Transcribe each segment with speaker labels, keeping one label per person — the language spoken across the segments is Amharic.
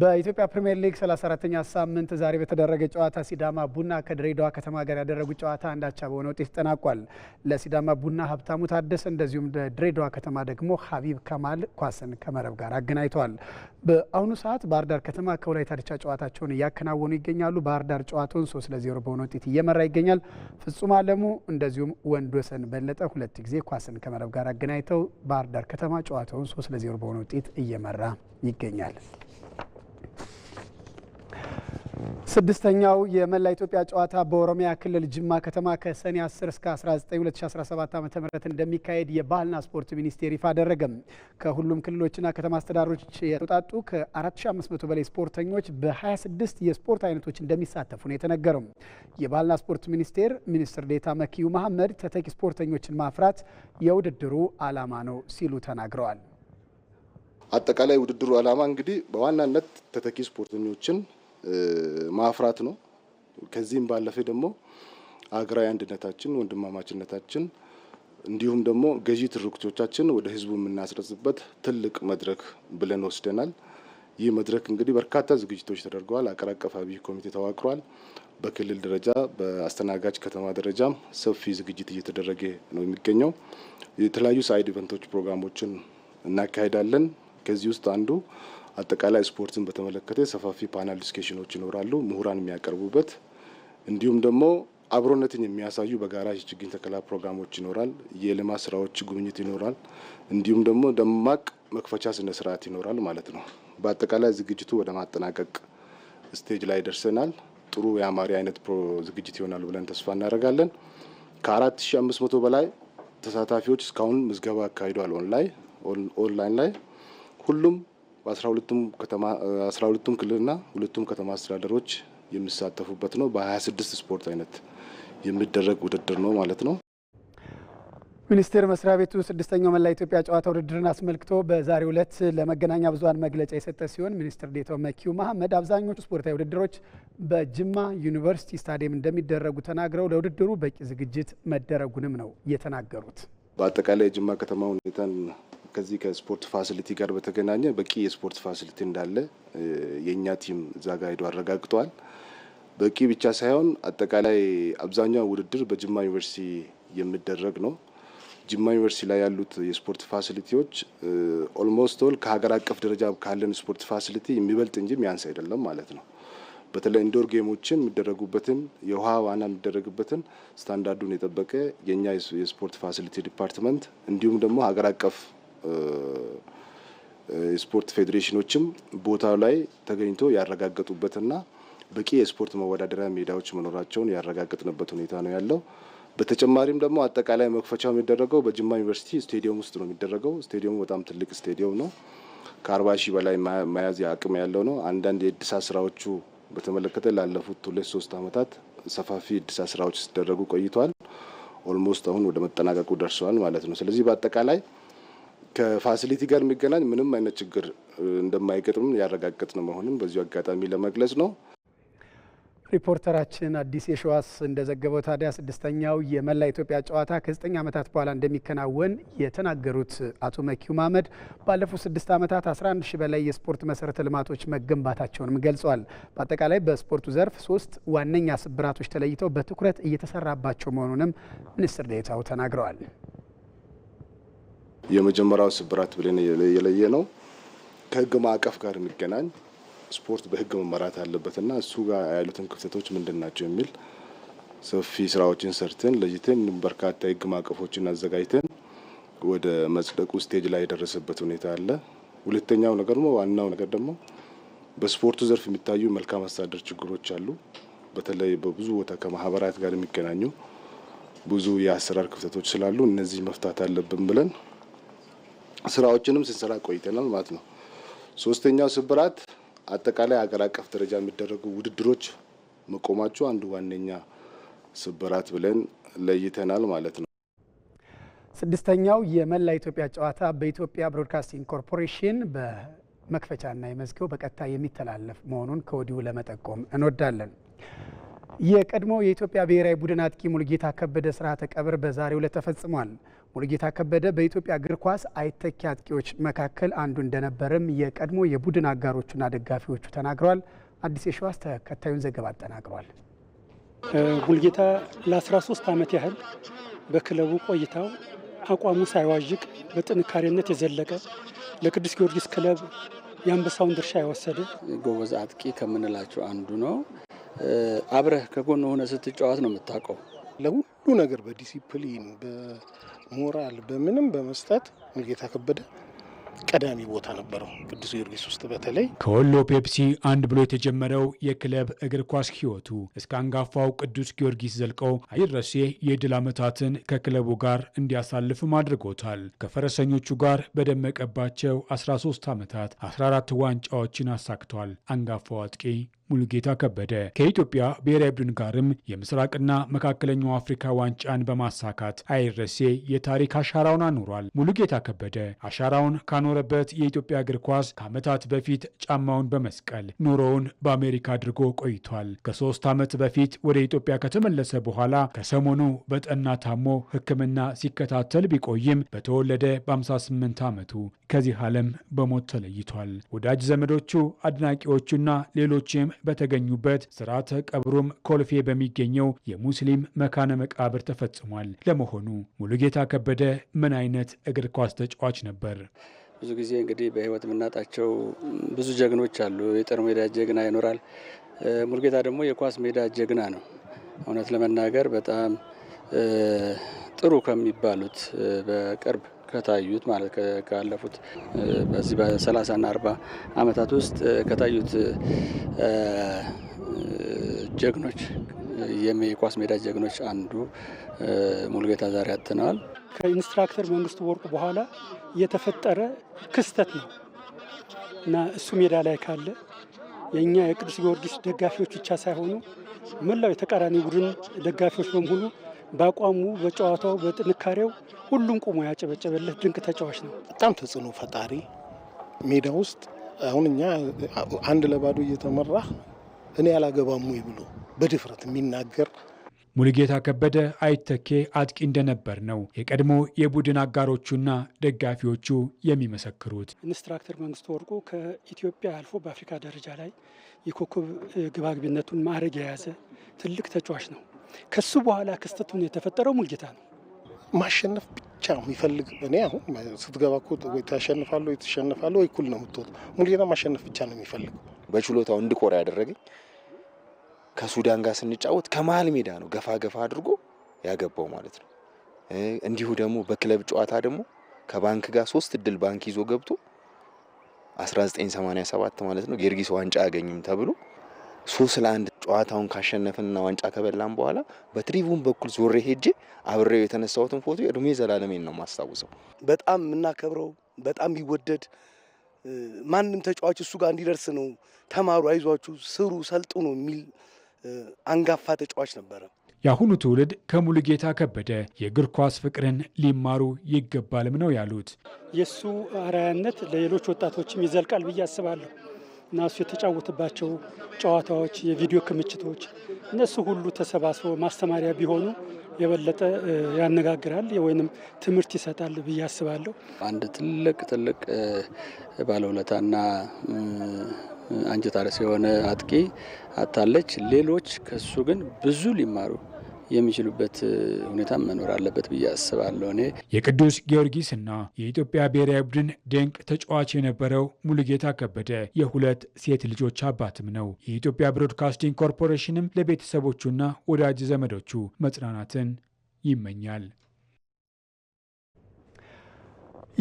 Speaker 1: በኢትዮጵያ ፕሪምየር ሊግ 34ኛ ሳምንት ዛሬ በተደረገ ጨዋታ ሲዳማ ቡና ከድሬዳዋ ከተማ ጋር ያደረጉት ጨዋታ አንዳቻ በሆነ ውጤት ተጠናቋል። ለሲዳማ ቡና ሀብታሙ ታደሰ እንደዚሁም ለድሬዳዋ ከተማ ደግሞ ሀቢብ ከማል ኳስን ከመረብ ጋር አገናኝተዋል። በአሁኑ ሰዓት ባህርዳር ከተማ ከወላይታ ድቻ ጨዋታቸውን እያከናወኑ ይገኛሉ። ባህርዳር ጨዋታውን ሶስት ለዜሮ በሆነ ውጤት እየመራ ይገኛል። ፍጹም አለሙ እንደዚሁም ወንዶሰን በለጠ ሁለት ጊዜ ኳስን ከመረብ ጋር አገናኝተው ባህርዳር ከተማ ጨዋታውን ሶስት ለዜሮ በሆነ ውጤት እየመራ ይገኛል። ስድስተኛው የመላ ኢትዮጵያ ጨዋታ በኦሮሚያ ክልል ጅማ ከተማ ከሰኔ 10 እስከ 19 2017 ዓ.ም እንደሚካሄድ የባህልና ስፖርት ሚኒስቴር ይፋ አደረገም። ከሁሉም ክልሎችና ከተማ አስተዳደሮች የተውጣጡ ከ4500 በላይ ስፖርተኞች በ26 የስፖርት አይነቶች እንደሚሳተፉ ነው የተነገረው። የባህልና ስፖርት ሚኒስቴር ሚኒስትር ዴታ መኪዩ መሐመድ ተተኪ ስፖርተኞችን ማፍራት የውድድሩ ዓላማ ነው ሲሉ ተናግረዋል።
Speaker 2: አጠቃላይ ውድድሩ ዓላማ እንግዲህ በዋናነት ተተኪ ስፖርተኞችን ማፍራት ነው። ከዚህም ባለፈ ደግሞ አገራዊ አንድነታችን፣ ወንድማማችነታችን እንዲሁም ደግሞ ገዢ ትርክቶቻችን ወደ ህዝቡ የምናስረጽበት ትልቅ መድረክ ብለን ወስደናል። ይህ መድረክ እንግዲህ በርካታ ዝግጅቶች ተደርገዋል። አገር አቀፍ አብይ ኮሚቴ ተዋቅሯል። በክልል ደረጃ በአስተናጋጅ ከተማ ደረጃም ሰፊ ዝግጅት እየተደረገ ነው የሚገኘው። የተለያዩ ሳይድ ኢቨንቶች ፕሮግራሞችን እናካሄዳለን። ከዚህ ውስጥ አንዱ አጠቃላይ ስፖርትን በተመለከተ ሰፋፊ ፓናል ዲስኬሽኖች ይኖራሉ፣ ምሁራን የሚያቀርቡበት እንዲሁም ደግሞ አብሮነትን የሚያሳዩ በጋራ የችግኝ ተከላ ፕሮግራሞች ይኖራል። የልማት ስራዎች ጉብኝት ይኖራል። እንዲሁም ደግሞ ደማቅ መክፈቻ ስነ ስርዓት ይኖራል ማለት ነው። በአጠቃላይ ዝግጅቱ ወደ ማጠናቀቅ ስቴጅ ላይ ደርሰናል። ጥሩ የአማሪ አይነት ዝግጅት ይሆናል ብለን ተስፋ እናደርጋለን። ከ4500 በላይ ተሳታፊዎች እስካሁን ምዝገባ አካሂደዋል። ኦንላይን ኦንላይን ላይ ሁሉም በ ሁለቱም ቱም ከተማ 12ቱም ክልልና ሁለቱም ከተማ አስተዳደሮች የሚሳተፉበት ነው። በ26 ስፖርት አይነት የሚደረግ ውድድር ነው ማለት ነው።
Speaker 1: ሚኒስቴር መስሪያ ቤቱ ስድስተኛው መላ ኢትዮጵያ ጨዋታ ውድድርን አስመልክቶ በዛሬው ዕለት ለመገናኛ ብዙኃን መግለጫ የሰጠ ሲሆን ሚኒስትር ዴኤታው መኪው መሀመድ አብዛኞቹ ስፖርታዊ ውድድሮች በጅማ ዩኒቨርሲቲ ስታዲየም እንደሚደረጉ ተናግረው ለውድድሩ በቂ ዝግጅት መደረጉንም ነው የተናገሩት።
Speaker 2: በአጠቃላይ የጅማ ከተማ ሁኔታን ከዚህ ከስፖርት ፋሲሊቲ ጋር በተገናኘ በቂ የስፖርት ፋሲሊቲ እንዳለ የእኛ ቲም እዛ ጋ ሄዶ አረጋግጠዋል። በቂ ብቻ ሳይሆን አጠቃላይ አብዛኛው ውድድር በጅማ ዩኒቨርሲቲ የሚደረግ ነው። ጅማ ዩኒቨርሲቲ ላይ ያሉት የስፖርት ፋሲሊቲዎች ኦልሞስት ኦል ከሀገር አቀፍ ደረጃ ካለን ስፖርት ፋሲሊቲ የሚበልጥ እንጂ ያንስ አይደለም ማለት ነው። በተለይ ኢንዶር ጌሞችን የሚደረጉበትን የውሃ ዋና የሚደረግበትን ስታንዳርዱን የጠበቀ የእኛ የስፖርት ፋሲሊቲ ዲፓርትመንት እንዲሁም ደግሞ ሀገር አቀፍ የስፖርት ፌዴሬሽኖችም ቦታው ላይ ተገኝቶ ያረጋገጡበትና በቂ የስፖርት መወዳደሪያ ሜዳዎች መኖራቸውን ያረጋገጥንበት ሁኔታ ነው ያለው። በተጨማሪም ደግሞ አጠቃላይ መክፈቻው የሚደረገው በጅማ ዩኒቨርሲቲ ስቴዲየም ውስጥ ነው የሚደረገው። ስቴዲየሙ በጣም ትልቅ ስቴዲየም ነው። ከአርባ ሺህ በላይ መያዝ አቅም ያለው ነው። አንዳንድ የእድሳት ስራዎቹ በተመለከተ ላለፉት ሁለት ሶስት ዓመታት ሰፋፊ እድሳት ስራዎች ሲደረጉ ቆይተዋል። ኦልሞስት አሁን ወደ መጠናቀቁ ደርሰዋል ማለት ነው። ስለዚህ በአጠቃላይ ከፋሲሊቲ ጋር የሚገናኝ ምንም አይነት ችግር እንደማይገጥም ያረጋገጥን መሆኑን በዚሁ አጋጣሚ ለመግለጽ ነው።
Speaker 1: ሪፖርተራችን አዲስ የሸዋስ እንደዘገበው ታዲያ ስድስተኛው የመላ ኢትዮጵያ ጨዋታ ከዘጠኝ ዓመታት በኋላ እንደሚከናወን የተናገሩት አቶ መኪው ማመድ ባለፉት ስድስት ዓመታት 11 ሺ በላይ የስፖርት መሰረተ ልማቶች መገንባታቸውንም ገልጸዋል። በአጠቃላይ በስፖርቱ ዘርፍ ሶስት ዋነኛ ስብራቶች ተለይተው በትኩረት እየተሰራባቸው መሆኑንም ሚኒስትር ዴኤታው ተናግረዋል።
Speaker 2: የመጀመሪያው ስብራት ብለን የለየ ነው ከህግ ማዕቀፍ ጋር የሚገናኝ ስፖርት በህግ መመራት አለበትና እሱ ጋር ያሉትን ክፍተቶች ምንድን ናቸው የሚል ሰፊ ስራዎችን ሰርተን ለይተን በርካታ የህግ ማዕቀፎችን አዘጋጅተን ወደ መጽደቁ ስቴጅ ላይ የደረሰበት ሁኔታ አለ። ሁለተኛው ነገር ደግሞ ዋናው ነገር ደግሞ በስፖርቱ ዘርፍ የሚታዩ መልካም አስተዳደር ችግሮች አሉ። በተለይ በብዙ ቦታ ከማህበራት ጋር የሚገናኙ ብዙ የአሰራር ክፍተቶች ስላሉ እነዚህ መፍታት አለብን ብለን ስራዎችንም ስንሰራ ቆይተናል ማለት ነው። ሶስተኛው ስብራት አጠቃላይ ሀገር አቀፍ ደረጃ የሚደረጉ ውድድሮች መቆማቸው አንዱ ዋነኛ ስብራት ብለን ለይተናል ማለት ነው።
Speaker 1: ስድስተኛው የመላ ኢትዮጵያ ጨዋታ በኢትዮጵያ ብሮድካስቲንግ ኮርፖሬሽን በመክፈቻና የመዝጊያው በቀጥታ የሚተላለፍ መሆኑን ከወዲሁ ለመጠቆም እንወዳለን። የቀድሞ የኢትዮጵያ ብሔራዊ ቡድን አጥቂ ሙልጌታ ከበደ ስርዓተ ቀብር በዛሬው ዕለት ተፈጽሟል። ሙልጌታ ከበደ በኢትዮጵያ እግር ኳስ አይተኪ አጥቂዎች መካከል አንዱ እንደነበረም የቀድሞ የቡድን አጋሮቹና ደጋፊዎቹ ተናግረዋል። አዲስ የሸዋስ ተከታዩን ዘገባ አጠናቅሯል።
Speaker 3: ሙልጌታ ለ13 ዓመት ያህል በክለቡ ቆይታው አቋሙ ሳይዋዥቅ በጥንካሬነት የዘለቀ ለቅዱስ ጊዮርጊስ ክለብ የአንበሳውን ድርሻ የወሰደ
Speaker 4: ጎበዝ አጥቂ ከምንላቸው አንዱ ነው። አብረህ ከጎን ሆነ ስትጫወት ነው የምታውቀው።
Speaker 3: ለሁሉ ነገር በዲሲፕሊን በሞራል በምንም በመስጠት ሙልጌታ ከበደ ቀዳሚ ቦታ ነበረው ቅዱስ ጊዮርጊስ ውስጥ በተለይ
Speaker 1: ከወሎ ፔፕሲ አንድ ብሎ የተጀመረው የክለብ እግር ኳስ ህይወቱ እስከ አንጋፋው ቅዱስ ጊዮርጊስ ዘልቀው አይረሴ የድል ዓመታትን ከክለቡ ጋር እንዲያሳልፍም አድርጎታል። ከፈረሰኞቹ ጋር በደመቀባቸው 13 ዓመታት 14 ዋንጫዎችን አሳክቷል። አንጋፋው አጥቂ ሙሉጌታ ከበደ ከኢትዮጵያ ብሔራዊ ቡድን ጋርም የምስራቅና መካከለኛው አፍሪካ ዋንጫን በማሳካት አይረሴ የታሪክ አሻራውን አኑሯል። ሙሉጌታ ከበደ አሻራውን ካኖረበት የኢትዮጵያ እግር ኳስ ከዓመታት በፊት ጫማውን በመስቀል ኑሮውን በአሜሪካ አድርጎ ቆይቷል። ከሶስት ዓመት በፊት ወደ ኢትዮጵያ ከተመለሰ በኋላ ከሰሞኑ በጠና ታሞ ሕክምና ሲከታተል ቢቆይም በተወለደ በ58 ዓመቱ ከዚህ ዓለም በሞት ተለይቷል። ወዳጅ ዘመዶቹ፣ አድናቂዎቹና ሌሎችም በተገኙበት ስርዓተ ቀብሩም ኮልፌ በሚገኘው የሙስሊም መካነ መቃብር ተፈጽሟል። ለመሆኑ ሙሉጌታ ከበደ ምን አይነት እግር ኳስ ተጫዋች ነበር?
Speaker 4: ብዙ ጊዜ እንግዲህ በህይወት የምናጣቸው ብዙ ጀግኖች አሉ። የጦር ሜዳ ጀግና ይኖራል። ሙሉጌታ ደግሞ የኳስ ሜዳ ጀግና ነው። እውነት ለመናገር በጣም ጥሩ ከሚባሉት በቅርብ ከታዩት ማለት ካለፉት በዚህ በሰላሳና አርባ አመታት ውስጥ ከታዩት ጀግኖች የኳስ ሜዳ ጀግኖች አንዱ ሙሉጌታ ዛሬ አጥተነዋል።
Speaker 3: ከኢንስትራክተር መንግስቱ ወርቁ በኋላ የተፈጠረ ክስተት ነው እና እሱ ሜዳ ላይ ካለ የእኛ የቅዱስ ጊዮርጊስ ደጋፊዎች ብቻ ሳይሆኑ መላው የተቃራኒ ቡድን ደጋፊዎች በመሆኑ በአቋሙ፣ በጨዋታው፣ በጥንካሬው ሁሉም ቁሞ ያጨበጨበለት ድንቅ ተጫዋች ነው።
Speaker 5: በጣም ተጽዕኖ ፈጣሪ ሜዳ ውስጥ አሁን እኛ አንድ ለባዶ እየተመራ እኔ ያላገባሙ ብሎ በድፍረት የሚናገር
Speaker 1: ሙሉጌታ ከበደ አይተኬ አጥቂ እንደነበር ነው የቀድሞ የቡድን አጋሮቹና ደጋፊዎቹ የሚመሰክሩት።
Speaker 3: ኢንስትራክተር መንግስቱ ወርቁ ከኢትዮጵያ አልፎ በአፍሪካ ደረጃ ላይ የኮከብ ግባግቢነቱን ማዕረግ የያዘ ትልቅ ተጫዋች ነው። ከሱ በኋላ ክስተቱን የተፈጠረው ሙሉጌታ ነው።
Speaker 5: ማሸነፍ ብቻ የሚፈልግ እኔ አሁን ስትገባ እኮ ወይ ታሸንፋለህ ወይ ወይ እኩል ነው የምትወጣ። ሙሉጌታ ማሸነፍ ብቻ ነው የሚፈልግ።
Speaker 6: በችሎታው እንድኮራ ያደረገኝ ከሱዳን ጋር ስንጫወት ከመሀል ሜዳ ነው ገፋ ገፋ አድርጎ ያገባው ማለት ነው። እንዲሁ ደግሞ በክለብ ጨዋታ ደግሞ ከባንክ ጋር ሶስት እድል ባንክ ይዞ ገብቶ 1987 ማለት ነው ጊዮርጊስ ዋንጫ አያገኝም ተብሎ ሶስት ለአንድ ጨዋታውን ካሸነፍንና ዋንጫ ከበላን በኋላ በትሪቡን በኩል ዞሬ ሄጄ አብሬው የተነሳሁትን ፎቶ እድሜ ዘላለሜን ነው ማስታውሰው።
Speaker 5: በጣም የምናከብረው በጣም ይወደድ ማንም ተጫዋች እሱ ጋር እንዲደርስ ነው። ተማሩ፣ አይዟችሁ፣ ስሩ፣ ነው የሚል አንጋፋ ተጫዋች ነበረ።
Speaker 1: የአሁኑ ትውልድ ከሙሉ ጌታ ከበደ የእግር ኳስ ፍቅርን ሊማሩ ይገባልም ነው ያሉት።
Speaker 3: የእሱ አርአያነት ለሌሎች ወጣቶችም ይዘልቃል ብዬ አስባለሁ። እና እሱ የተጫወተባቸው ጨዋታዎች፣ የቪዲዮ ክምችቶች እነሱ ሁሉ ተሰባስበው ማስተማሪያ ቢሆኑ የበለጠ ያነጋግራል ወይንም ትምህርት ይሰጣል ብዬ አስባለሁ።
Speaker 4: አንድ ትልቅ ትልቅ ባለውለታና አንጀት የሆነ አጥቂ አታለች። ሌሎች ከሱ ግን ብዙ ሊማሩ የሚችሉበት ሁኔታ መኖር አለበት ብዬ አስባለሁ። እኔ
Speaker 1: የቅዱስ ጊዮርጊስና የኢትዮጵያ ብሔራዊ ቡድን ድንቅ ተጫዋች የነበረው ሙሉጌታ ከበደ የሁለት ሴት ልጆች አባትም ነው። የኢትዮጵያ ብሮድካስቲንግ ኮርፖሬሽንም ለቤተሰቦቹና ወዳጅ ዘመዶቹ መጽናናትን ይመኛል።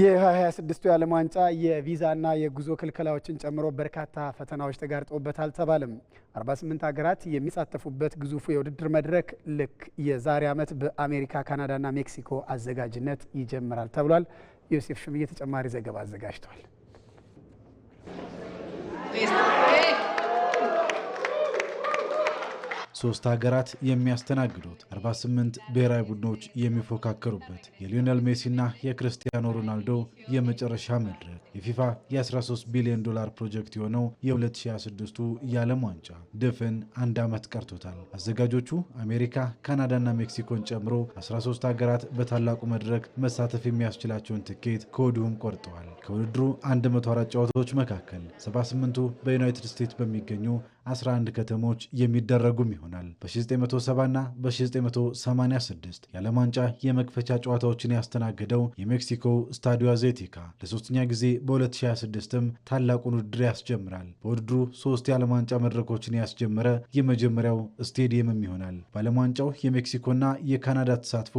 Speaker 1: የ2026 የዓለም ዋንጫ የቪዛና የጉዞ ክልከላዎችን ጨምሮ በርካታ ፈተናዎች ተጋርጦበታል ተባለም። 48 ሀገራት የሚሳተፉበት ግዙፉ የውድድር መድረክ ልክ የዛሬ ዓመት በአሜሪካ ካናዳና ሜክሲኮ አዘጋጅነት ይጀምራል ተብሏል። ዮሴፍ ሽምዬ ተጨማሪ ዘገባ አዘጋጅቷል። ሶስት ሀገራት የሚያስተናግዱት 48 ብሔራዊ ቡድኖች የሚፎካከሩበት የሊዮኔል ሜሲና የክርስቲያኖ ሮናልዶ የመጨረሻ መድረክ የፊፋ የ13 ቢሊዮን ዶላር ፕሮጀክት የሆነው የ2026ቱ የዓለም ዋንጫ ድፍን አንድ ዓመት ቀርቶታል። አዘጋጆቹ አሜሪካ፣ ካናዳና ሜክሲኮን ጨምሮ 13 ሀገራት በታላቁ መድረክ መሳተፍ የሚያስችላቸውን ትኬት ከወዲሁም ቆርጠዋል። ከውድድሩ 104 ጨዋታዎች መካከል 78ቱ በዩናይትድ ስቴትስ በሚገኙ 11 ከተሞች የሚደረጉም ይሆናል። በ1970ና በ1986 የዓለም ዋንጫ የመክፈቻ ጨዋታዎችን ያስተናገደው የሜክሲኮ ስታዲዮ አዜቴካ ለሶስተኛ ጊዜ በ2026ም ታላቁን ውድድር ያስጀምራል። በውድድሩ ሶስት የዓለም ዋንጫ መድረኮችን ያስጀመረ የመጀመሪያው ስቴዲየምም ይሆናል። በዓለም ዋንጫው የሜክሲኮና የካናዳ ተሳትፎ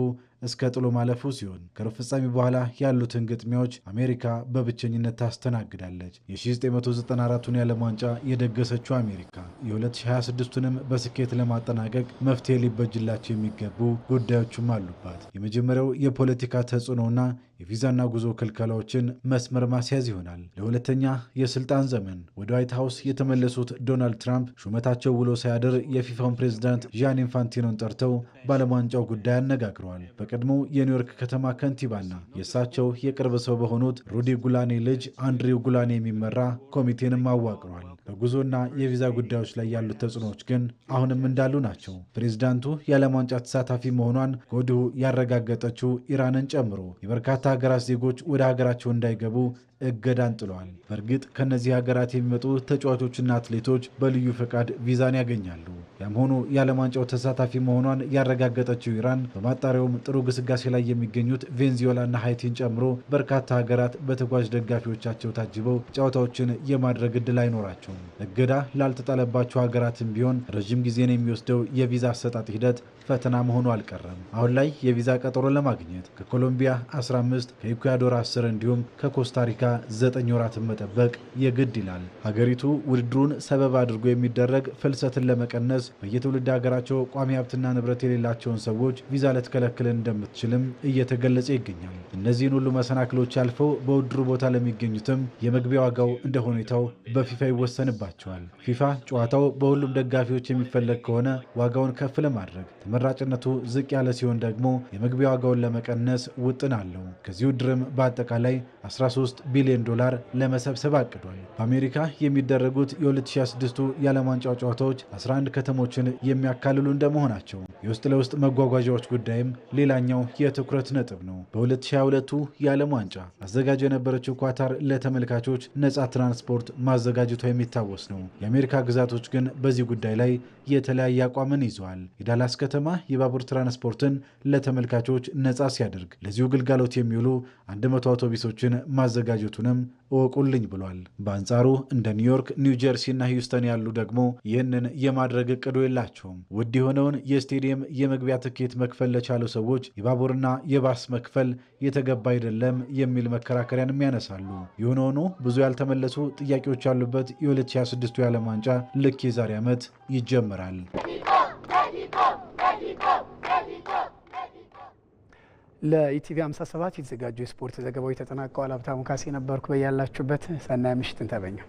Speaker 1: እስከ ጥሎ ማለፉ ሲሆን ከሩብ ፍጻሜ በኋላ ያሉትን ግጥሚያዎች አሜሪካ በብቸኝነት ታስተናግዳለች። የ1994ቱን የዓለም ዋንጫ የደገሰችው አሜሪካ የ2026ቱንም በስኬት ለማጠናቀቅ መፍትሄ ሊበጅላቸው የሚገቡ ጉዳዮችም አሉባት። የመጀመሪያው የፖለቲካ ተጽዕኖና የቪዛና ጉዞ ክልከላዎችን መስመር ማስያዝ ይሆናል። ለሁለተኛ የስልጣን ዘመን ወደ ዋይት ሀውስ የተመለሱት ዶናልድ ትራምፕ ሹመታቸው ውሎ ሳያድር የፊፋውን ፕሬዚዳንት ዣን ኢንፋንቲኖን ጠርተው ባለዋንጫው ጉዳይ አነጋግረዋል። በቀድሞ የኒውዮርክ ከተማ ከንቲባና የእሳቸው የቅርብ ሰው በሆኑት ሩዲ ጉላኔ ልጅ አንድሪው ጉላኔ የሚመራ ኮሚቴንም አዋቅሯል። በጉዞና የቪዛ ጉዳዮች ላይ ያሉት ተጽዕኖዎች ግን አሁንም እንዳሉ ናቸው። ፕሬዚዳንቱ የዓለም ዋንጫ ተሳታፊ መሆኗን ከወዲሁ ያረጋገጠችው ኢራንን ጨምሮ የበርካታ ሀገራት ዜጎች ወደ ሀገራቸው እንዳይገቡ እገዳን ጥለዋል። በእርግጥ ከእነዚህ ሀገራት የሚመጡ ተጫዋቾችና አትሌቶች በልዩ ፈቃድ ቪዛን ያገኛሉ። ያም ሆኖ የዓለም ዋንጫው ተሳታፊ መሆኗን ያረጋገጠችው ኢራን በማጣሪያውም ጥሩ ግስጋሴ ላይ የሚገኙት ቬንዙዌላና ሀይቲን ጨምሮ በርካታ ሀገራት በተጓዥ ደጋፊዎቻቸው ታጅበው ጨዋታዎችን የማድረግ እድል አይኖራቸውም። እገዳ ላልተጣለባቸው ሀገራትም ቢሆን ረዥም ጊዜን የሚወስደው የቪዛ አሰጣጥ ሂደት ፈተና መሆኑ አልቀረም። አሁን ላይ የቪዛ ቀጠሮ ለማግኘት ከኮሎምቢያ 15 መንግስት ከኢኳዶር 10 እንዲሁም ከኮስታሪካ 9 ወራትን መጠበቅ የግድ ይላል። ሀገሪቱ ውድድሩን ሰበብ አድርጎ የሚደረግ ፍልሰትን ለመቀነስ በየትውልድ ሀገራቸው ቋሚ ሀብትና ንብረት የሌላቸውን ሰዎች ቪዛ ልትከለክል እንደምትችልም እየተገለጸ ይገኛል። እነዚህን ሁሉ መሰናክሎች አልፈው በውድድሩ ቦታ ለሚገኙትም የመግቢያ ዋጋው እንደ ሁኔታው በፊፋ ይወሰንባቸዋል። ፊፋ ጨዋታው በሁሉም ደጋፊዎች የሚፈለግ ከሆነ ዋጋውን ከፍ ለማድረግ ተመራጭነቱ ዝቅ ያለ ሲሆን ደግሞ የመግቢያ ዋጋውን ለመቀነስ ውጥን አለው። ከዚህ ውድድርም በአጠቃላይ 13 ቢሊዮን ዶላር ለመሰብሰብ አቅዷል። በአሜሪካ የሚደረጉት የ2026 የዓለም ዋንጫ ጨዋታዎች 11 ከተሞችን የሚያካልሉ እንደመሆናቸው የውስጥ ለውስጥ መጓጓዣዎች ጉዳይም ሌላኛው የትኩረት ነጥብ ነው። በ2022 የዓለም ዋንጫ አዘጋጅ የነበረችው ኳታር ለተመልካቾች ነፃ ትራንስፖርት ማዘጋጀቷ የሚታወስ ነው። የአሜሪካ ግዛቶች ግን በዚህ ጉዳይ ላይ የተለያየ አቋምን ይዘዋል። የዳላስ ከተማ የባቡር ትራንስፖርትን ለተመልካቾች ነፃ ሲያደርግ ለዚሁ ግልጋሎት የሚ የሚውሉ 100 አውቶቡሶችን ማዘጋጀቱንም እወቁልኝ ብሏል። በአንጻሩ እንደ ኒውዮርክ፣ ኒውጀርሲ እና ሂውስተን ያሉ ደግሞ ይህንን የማድረግ እቅዱ የላቸውም። ውድ የሆነውን የስቴዲየም የመግቢያ ትኬት መክፈል ለቻሉ ሰዎች የባቡርና የባስ መክፈል የተገባ አይደለም የሚል መከራከሪያንም ያነሳሉ። ይሁን ሆኖ ብዙ ያልተመለሱ ጥያቄዎች ያሉበት የ2026 የዓለም ዋንጫ ልክ የዛሬ ዓመት ይጀምራል። ለኢቲቪ 57 የተዘጋጁ የስፖርት ዘገባዎች ተጠናቀዋል። ሀብታሙ ካሴ ነበርኩ። በያላችሁበት ሰናይ ምሽትን ተመኘሁ።